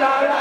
la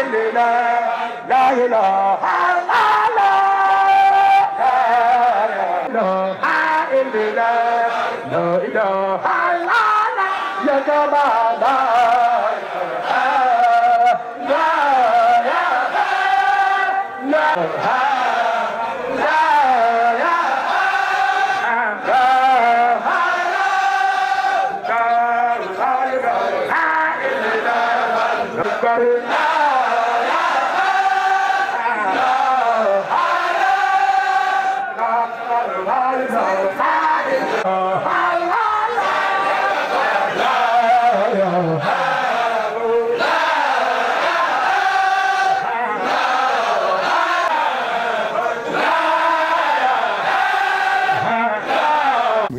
إلا لا إله إلا الله لا إله إلا لا إله إلا الله يا جمال Bye.